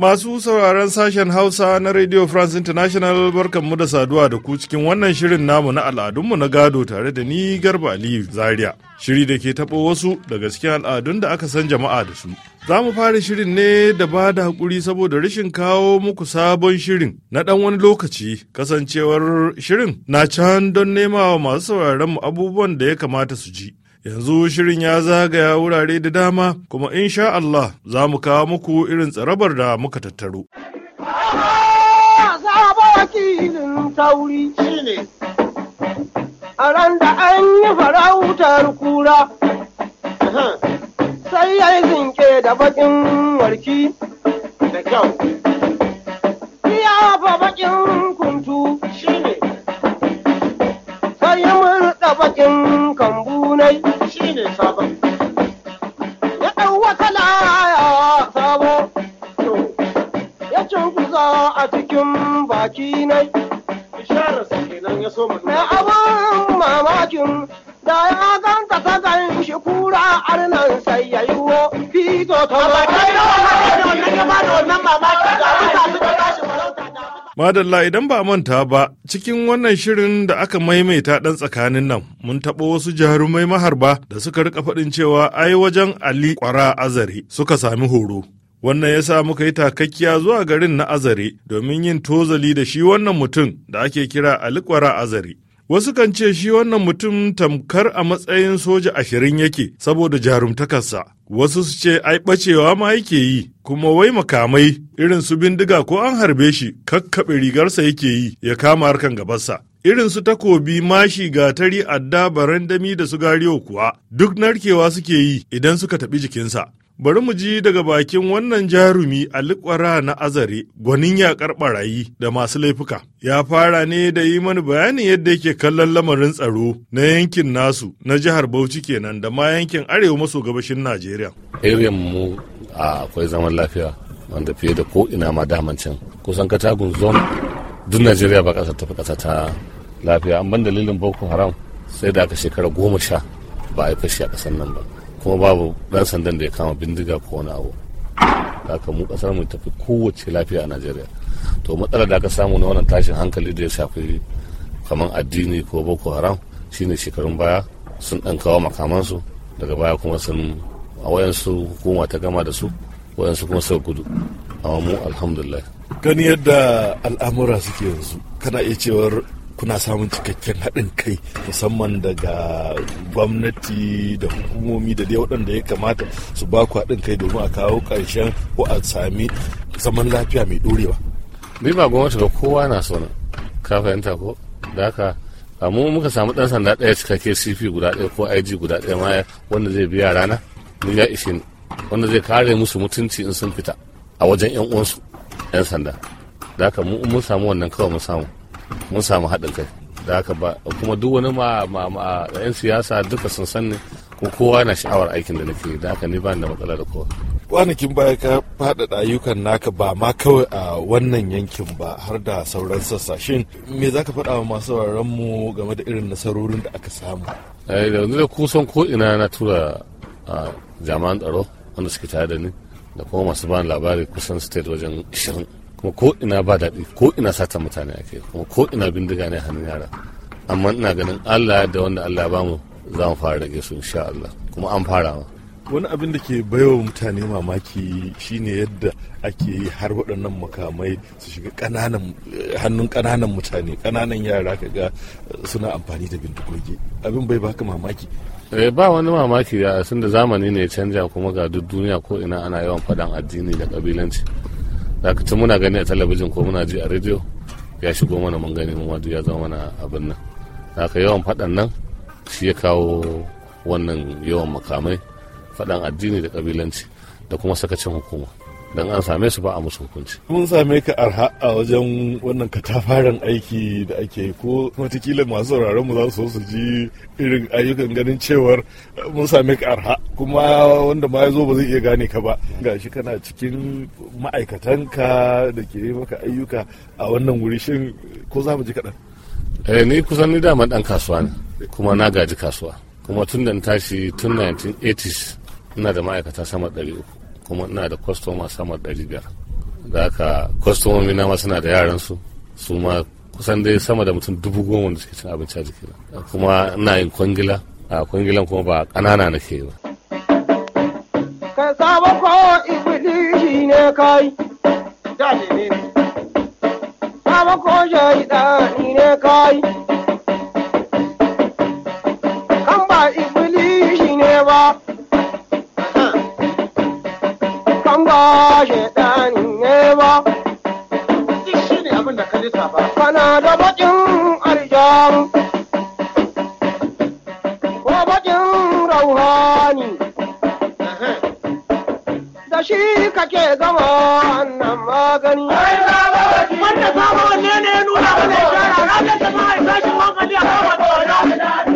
Masu sauraron sashen Hausa na Radio France International barkanmu da saduwa da ku cikin wannan shirin namu na al'adunmu na gado tare da ni Garba Aliyu Zaria. Shiri da ke taɓo wasu daga cikin al'adun da aka san jama'a da su. Za mu fara shirin ne da ba da haƙuri saboda rashin kawo muku sabon shirin na ɗan wani lokaci kasancewar shirin na can don nema wa masu sauraron mu abubuwan da ya kamata su ji. Yanzu shirin ya zagaya wurare da dama kuma insha Allah za mu kawo muku irin tsarabar da muka tattaro. wakilin tauri shine a ran da an yi farautar kura sai ya yi zinke da bakin warki da kyau ya fa bakin kuntu shine sai ya murda bakin na shi kura Madalla idan ba manta ba cikin wannan shirin da aka maimaita ɗan tsakanin nan mun taɓa wasu jarumai maharba da suka rika faɗin cewa ai wajen Ali Kwara Azare suka sami horo. Wannan ya sa muka yi takakkiya zuwa garin na Azare domin yin tozali da shi wannan mutum da ake kira Alikwara Azare. Wasu kan ce shi wannan mutum tamkar a matsayin soja ashirin yake saboda jarumtakarsa. Wasu su ce ai ɓacewa ma yake yi, kuma wai makamai irin su bindiga ko an harbe shi kakkaɓe rigarsa yake yi ya kama harkan gabarsa. Irin su takobi mashi gatari adda barandami da su gariyo kuwa duk narkewa suke yi idan suka taɓi jikinsa. Bari mu ji daga bakin wannan jarumi likwara na azare gwanin yakar barayi da masu laifuka. Ya fara ne da yi mani bayanin yadda yake kallon lamarin tsaro na yankin nasu na jihar Bauchi kenan da ma yankin arewa maso gabashin Najeriya. Irin mu akwai zaman lafiya wanda fiye da ko ina ma daman can kusan katagun zon duk Najeriya ba kasa tafi kasa ta lafiya an ban dalilin Boko Haram sai da aka shekara goma sha ba a yi fashi a kasan nan ba. kuma babu ɗan sandan da ya kama bindiga ko wani abu haka mu kasar mu tafi kowace lafiya a najeriya to matsalar da aka samu na wannan tashin hankali da ya shafi kamar addini ko boko haram shine shekarun baya sun dan kawo makamansu daga baya kuma sun a wayansu hukuma ta gama da su wayansu kuma suka gudu amma mu alhamdulillah gani yadda al'amura suke yanzu kana iya cewar kuna samun cikakken haɗin kai musamman daga gwamnati da hukumomi da dai waɗanda ya kamata su ba ku haɗin kai domin a kawo ƙarshen ko a sami zaman lafiya mai ɗorewa. Ni ba gwamnati ba kowa na sona ka fahimta ko da haka mu muka samu ɗan sanda ɗaya cikakke CP guda ɗaya ko IG guda ɗaya ma wanda zai biya rana ni ya ishe ni wanda zai kare musu mutunci in sun fita a wajen 'yan uwansu 'yan sanda da haka mun samu wannan kawai mun samu. mun samu haɗin kai da haka ba kuma duk wani ma ma 'yan siyasa duka sun san ko kowa na sha'awar aikin da nake da haka ni ba da matsala da kowa kwanakin baya ka faɗaɗa ayyukan naka ba ma kawai a wannan yankin ba har da sauran sassa shin me za ka faɗa wa masu mu game da irin nasarorin da aka samu eh, da wani da kusan ko ina na tura jami'an tsaro wanda suke tare da ni da kuma masu bani labari kusan state wajen shirin. kuma ko ina ba daɗi ko ina sata mutane ake kuma ko ina bindiga ne hannun yara amma ina ganin allah da wanda allah ba mu za mu fara rage su insha allah kuma an fara ma wani abin da ke baiwa mutane mamaki shine yadda ake yi har waɗannan makamai su shiga ƙananan hannun ƙananan mutane ƙananan yara kaga suna amfani da bindigogi abin bai baka mamaki eh, ba wani mamaki ya sun da zamani ne canja kuma ga duk duniya ko ina ana yawan faɗan addini da ƙabilanci da ka muna gani a talabijin ko muna ji a rediyo ya shigo mana mun gani mun wadu ya zama mana abin nan da ka yawan faɗan nan shi ya kawo wannan yawan makamai faɗan addini da kabilanci da kuma sakacin hukuma don an same su ba a musu hukunci. Mun same ka arha a wajen wannan katafaren aiki da ake ko matakila masu sauraron mu za su su ji irin ayyukan ganin cewar eh, mun same ka arha kuma wanda ma ya zo ba zai iya gane ka ba ga shi kana cikin ma'aikatanka da ke yi maka ayyuka a wannan wuri shin ko za mu ji kaɗan. Eh, ni kusan ni dama ɗan kasuwa ne kuma na gaji kasuwa kuma tun da tashi tun 1980s ina da ma'aikata sama ɗari uku. kuma ina da kwastoma sama da biyar da haka kwastomomi na ma suna da yaran su su ma kusan dai sama da mutum dubu goma wanda suke cin abinci a jikina kuma ina yin kwangila a kwangilan kuma ba ƙanana ke ba ka saba ko ibili ne kai da ne saba ko jayi da ne kai kan ba san ba shaidani ne ba. ne ba? Kana da baƙin arjan. Ko baƙin rauhani. Da shi kake gama annan magani. Wanda sabon ne ne nuna mana shara ranar da ma'aikacin hankali a kawai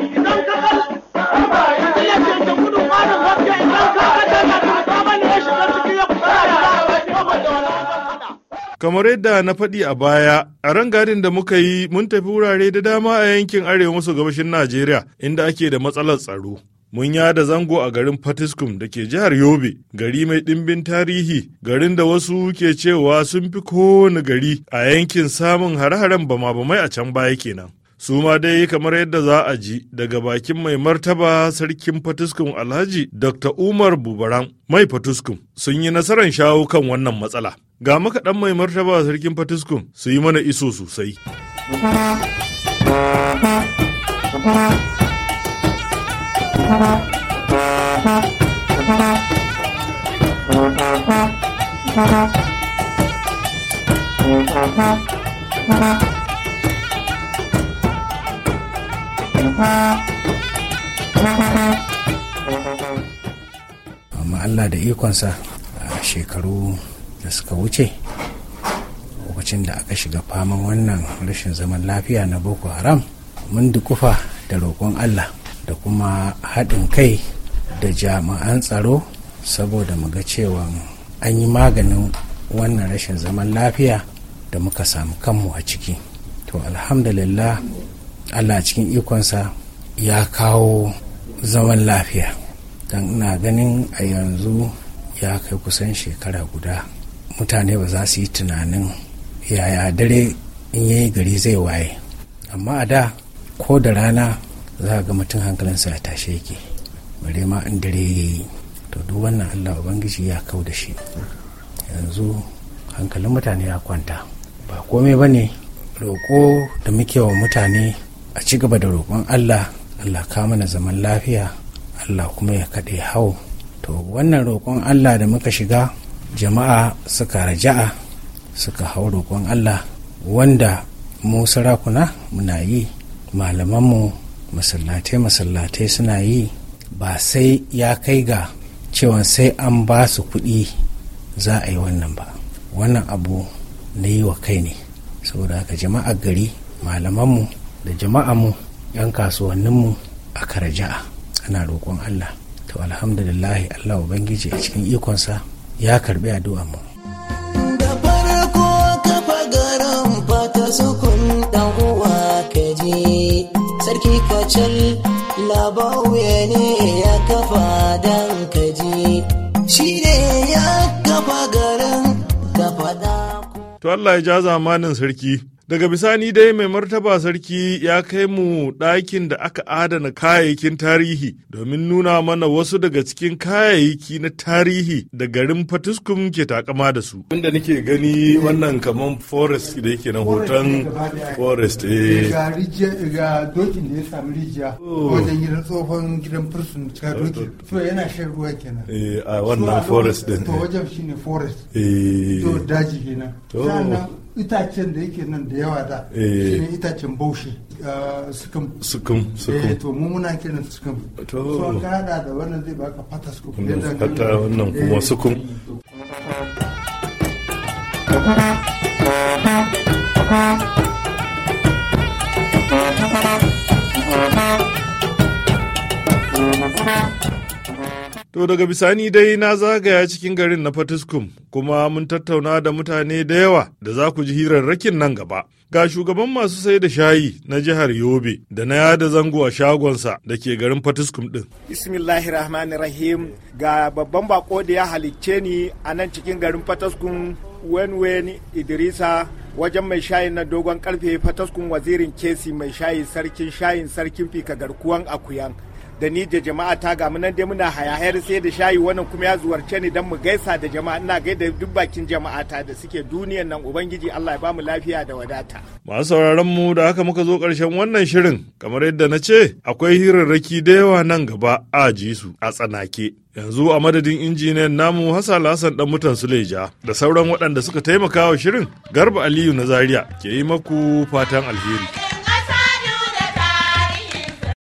Kamar yadda na faɗi a baya, a rangadin da muka yi mun tafi wurare da dama a yankin arewa maso gabashin Najeriya inda ake da matsalar tsaro. Mun yada zango a garin Fatiskum da ke jihar Yobe, gari mai ɗimbin tarihi, garin da wasu ke cewa sun fi kowane gari a yankin samun hare-haren bama-bamai a can baya kenan. su ma dai kamar yadda za a ji daga bakin mai martaba sarkin fatuskun alhaji dr umar bubaran mai fatuskun sun yi nasarar shawo kan wannan matsala ga makaɗan mai martaba sarkin fatuskun su yi mana iso sosai ha ha amma allah da ikonsa a shekaru da suka wuce lokacin da aka shiga faman wannan rashin zaman lafiya na boko haram mun dukufa da roƙon allah da kuma haɗin kai da jama'an tsaro saboda mu ga cewa an yi maganin wannan rashin zaman lafiya da muka samu kanmu a ciki to alhamdulillah allah cikin ikonsa ya kawo zaman lafiya don ina ganin a yanzu ya kai kusan shekara guda mutane ba za su yi tunanin yaya dare in ya yi gari zai waye amma a da ko da rana za ga mutum hankalinsa ya tashe yake bare ma in dare ya yi to duk wannan allah ubangiji ya kau da shi yanzu hankalin mutane ya kwanta ba komai ba ne roƙo da muke wa mutane a ci gaba da roƙon allah allah ka mana zaman lafiya allah kuma ya kaɗe hau to wannan roƙon allah da muka shiga jama'a suka raja'a suka hau roƙon allah wanda mu sarakuna muna yi malamanmu masallatai-masallatai suna yi ba sai ya kai ga cewa sai an ba su kuɗi za a yi wannan ba wannan abu na yi wa kai ne saboda haka jama'a gari malamanmu da jama'a mu 'yan kasuwanninmu a karaja'a ana roƙon Allah to alhamdulillahi Allah ubangiji a cikin ikonsa ya karbi addu'a mu da farko kafa garan fata kun dan uwa kaji sarki kacal labauye ne ya kafa dan kaji shi ne ya kafa garin ka faɗa To Allah ya ja zamanin sarki Daga bisani dai mai martaba sarki ya kai mu ɗakin da aka adana kayayyakin tarihi domin nuna mana wasu daga cikin kayayyaki na tarihi da garin Fatiskum ke takama da su. Wanda nake gani wannan kaman forest da yake nan hoton forest eh. Ga ga dokin da ya samu rijiya oh. wajen gidan tsohon gidan fursun ga oh, dokin. Oh. To yana shan ruwa kenan. Eh a wannan forest din. To eh. wajen shine forest. Eh. To daji kenan. To. itacen da yake nan da yawa da eh. shine itacen baushi uh, sukum sukum sukum eh, to mu muna kiran sukum to so ka hada da wannan zai baka fata sukum fata wannan kuma eh. sukum Thank you. To daga bisani dai na zagaya cikin garin na Fatiskum kuma mun tattauna da mutane da yawa da za ku ji hirarrakin nan gaba. Ga shugaban masu sai da shayi na jihar Yobe da na yada zango a shagonsa da ke garin Fatiskum din. Bismillahirrahmanirrahim ga babban bako da ya halicce ni a nan cikin garin Fatiskum Wenwen Idrisa wajen mai shayi na dogon karfe Fatiskum wazirin kesi mai shayi sarkin shayin sarkin fika garkuwan akuyan. da ni da jama'a ta gamu nan dai muna hayayyar sai da shayi wannan kuma ya zuwarce ni don mu gaisa da jama'a ina gaida duk bakin jama'a ta da suke duniyan nan ubangiji Allah ya bamu lafiya da wadata masu sauraron mu da haka muka zo karshen wannan shirin kamar yadda na ce akwai hirarraki da yawa nan gaba a ji su a tsanake yanzu a madadin injiniyan namu hassan hassan dan mutan suleja da sauran waɗanda suka taimaka wa shirin garba aliyu na zaria ke yi maku fatan alheri